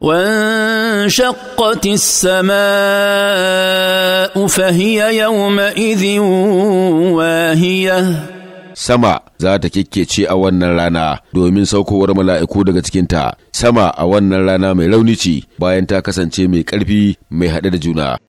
وانشقت السماء فهي يومئذ واهيه sama za ta kyakkece a wannan rana domin saukowar mala'iku daga cikinta, sama a wannan rana mai rauni ce bayan ta kasance mai ƙarfi mai haɗe da juna.